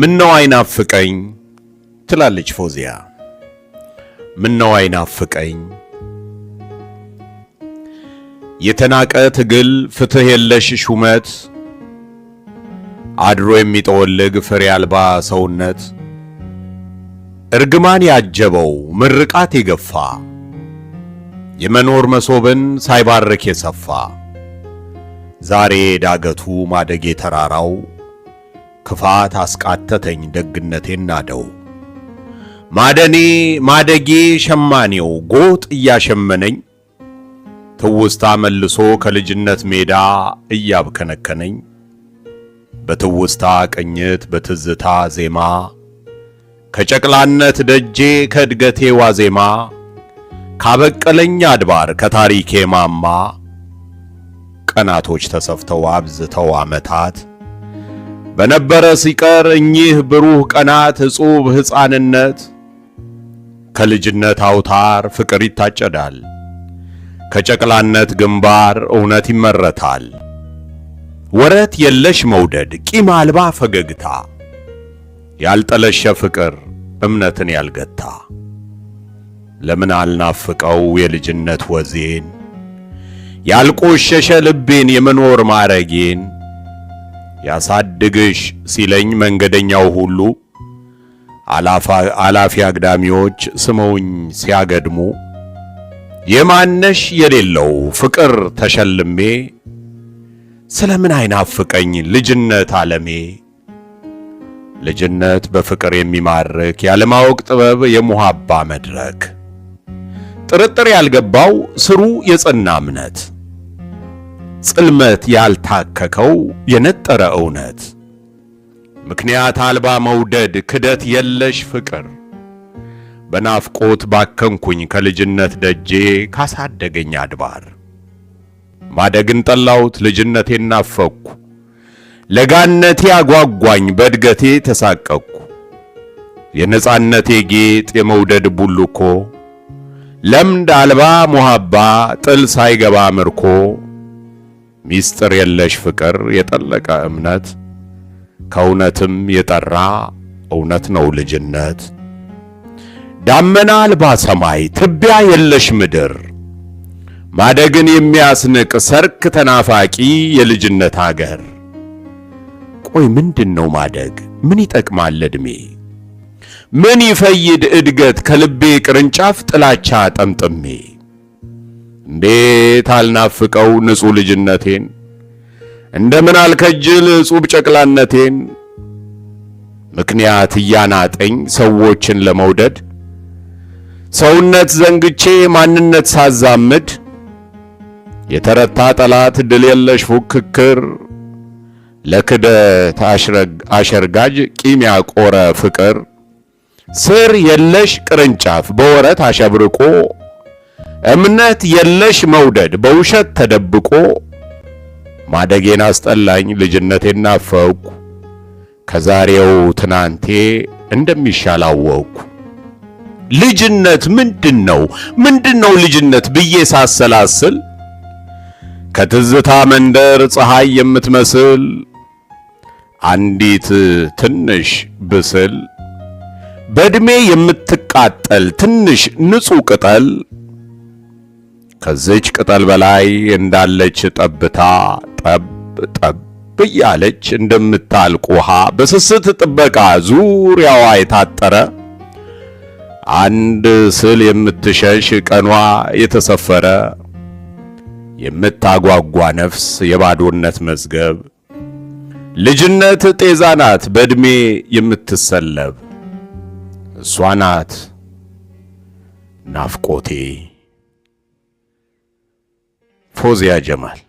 ምነው አይናፍቀኝ ትላለች ፎዚያ። ምነው አይናፍቀኝ የተናቀ ትግል ፍትህ የለሽ ሹመት አድሮ የሚጠወልግ ፍሬ አልባ ሰውነት እርግማን ያጀበው ምርቃት የገፋ የመኖር መሶብን ሳይባርክ የሰፋ ዛሬ ዳገቱ ማደጌ ተራራው ክፋት አስቃተተኝ ደግነቴን ናደው። ማደኔ ማደጌ ሸማኔው ጎጥ እያሸመነኝ ትውስታ መልሶ ከልጅነት ሜዳ እያብከነከነኝ በትውስታ ቅኝት በትዝታ ዜማ ከጨቅላነት ደጄ ከእድገቴ ዋዜማ ካበቀለኝ አድባር ከታሪኬ ማማ ቀናቶች ተሰፍተው አብዝተው ዓመታት በነበረ ሲቀር እኚህ ብሩህ ቀናት ዕጹብ ሕፃንነት ከልጅነት አውታር ፍቅር ይታጨዳል፣ ከጨቅላነት ግንባር እውነት ይመረታል። ወረት የለሽ መውደድ፣ ቂም አልባ ፈገግታ፣ ያልጠለሸ ፍቅር እምነትን ያልገታ። ለምን አልናፍቀው የልጅነት ወዜን ያልቆሸሸ ልቤን የመኖር ማረጌን ያሳድግሽ ሲለኝ መንገደኛው ሁሉ አላፊ አግዳሚዎች ስመውኝ ሲያገድሙ የማነሽ የሌለው ፍቅር ተሸልሜ ስለምን አይናፍቀኝ ልጅነት ዓለሜ ልጅነት በፍቅር የሚማርክ ያለማወቅ ጥበብ የሙሃባ መድረክ ጥርጥር ያልገባው ስሩ የጸና እምነት ጽልመት ያልታከከው የነጠረ እውነት፣ ምክንያት አልባ መውደድ፣ ክደት የለሽ ፍቅር በናፍቆት ባከንኩኝ ከልጅነት ደጄ ካሳደገኝ አድባር ማደግን ጠላሁት ልጅነቴን ናፈቅኩ ለጋነቴ አጓጓኝ በእድገቴ ተሳቀቅኩ የነጻነቴ ጌጥ የመውደድ ቡልኮ ለምድ አልባ ሞሃባ ጥል ሳይገባ ምርኮ ሚስጥር የለሽ ፍቅር የጠለቀ እምነት ከእውነትም የጠራ እውነት ነው ልጅነት። ዳመና አልባ ሰማይ ትቢያ የለሽ ምድር ማደግን የሚያስንቅ ሰርክ ተናፋቂ የልጅነት አገር። ቆይ ምንድን ነው ማደግ? ምን ይጠቅማል ዕድሜ? ምን ይፈይድ እድገት ከልቤ ቅርንጫፍ ጥላቻ ጠምጥሜ እንዴት አልናፍቀው ንጹሕ ልጅነቴን እንደምን አልከጅል ጹብ ጨቅላነቴን ምክንያት እያናጠኝ ሰዎችን ለመውደድ ሰውነት ዘንግቼ ማንነት ሳዛምድ የተረታ ጠላት ድል የለሽ ፉክክር ለክደት አሸርጋጅ ቂም ያቆረ ፍቅር ስር የለሽ ቅርንጫፍ በወረት አሸብርቆ እምነት የለሽ መውደድ በውሸት ተደብቆ ማደጌን አስጠላኝ ልጅነቴን ናፈቅኩ፣ ከዛሬው ትናንቴ እንደሚሻል አወቅኩ። ልጅነት ምንድን ነው? ምንድን ነው ልጅነት ብዬ ሳሰላስል ከትዝታ መንደር ፀሐይ የምትመስል አንዲት ትንሽ ብስል በእድሜ የምትቃጠል ትንሽ ንጹሕ ቅጠል ከዚች ቅጠል በላይ እንዳለች ጠብታ ጠብ ጠብ እያለች እንደምታልቅ ውሃ በስስት ጥበቃ ዙሪያዋ የታጠረ አንድ ስል የምትሸሽ ቀኗ የተሰፈረ የምታጓጓ ነፍስ የባዶነት መዝገብ ልጅነት ጤዛ ናት በእድሜ የምትሰለብ እሷ ናት ናፍቆቴ። Fozia Cemal